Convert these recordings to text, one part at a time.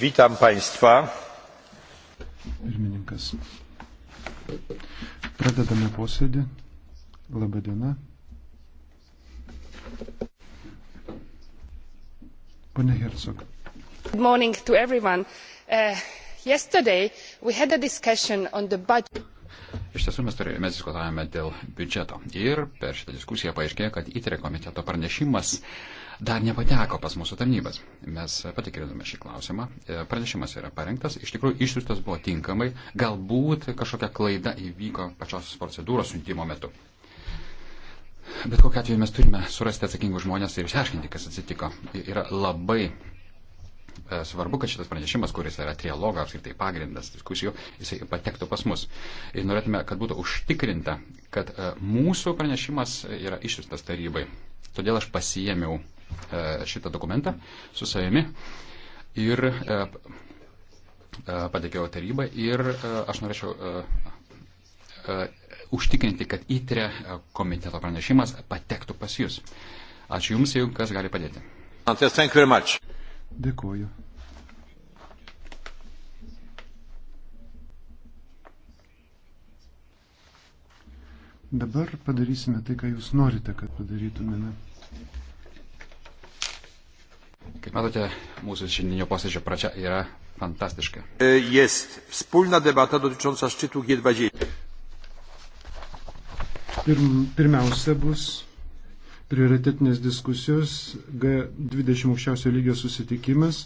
Witam Państwa. Pirmininkas. Pradedame posėdį. Labadiena. Pone Hercog. Good morning to everyone. Uh, yesterday we had a discussion on the budget. Iš tiesų mes, turėjome, mes diskutavome dėl biudžeto ir per šitą diskusiją paaiškėjo, kad įtrė komiteto pranešimas uh, dar nepateko pas mūsų tarnybas. Mes patikrinome šį klausimą. E, pranešimas yra parengtas, iš tikrųjų išsiųstas buvo tinkamai, galbūt kažkokia klaida įvyko pačios procedūros siuntimo metu. Bet kokiu atveju mes turime surasti atsakingus žmonės ir išsiaiškinti, kas atsitiko. Yra labai e, svarbu, kad šitas pranešimas, kuris yra trialogo apskritai pagrindas diskusijų, jisai patektų pas mus. Ir norėtume, kad būtų užtikrinta, kad e, mūsų pranešimas yra išsiustas tarybai. Todėl aš pasijėmiau E, šitą dokumentą su savimi ir e, e, pateikiau tarybą ir aš norėčiau užtikrinti, kad įtrė komiteto pranešimas patektų pas jūs. Ačiū Jums, jeigu kas gali padėti. Dėkuoju. Dabar padarysime tai, ką jūs norite, kad padarytumėme. Kaip matote, mūsų šiandienio posėdžio pradžia yra fantastiška. E, jest wspólna debata dotycząca szczytu G20. Pirm, pirmiausia bus prioritetinės diskusijos G20 aukščiausio lygio susitikimas.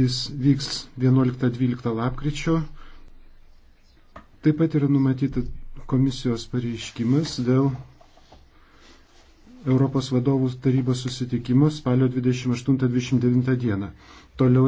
Jis vyks 11-12 lapkričio. Taip pat yra numatyta komisijos pareiškimas dėl Europos vadovų tarybos susitikimus spalio 28-29 dieną. Toliau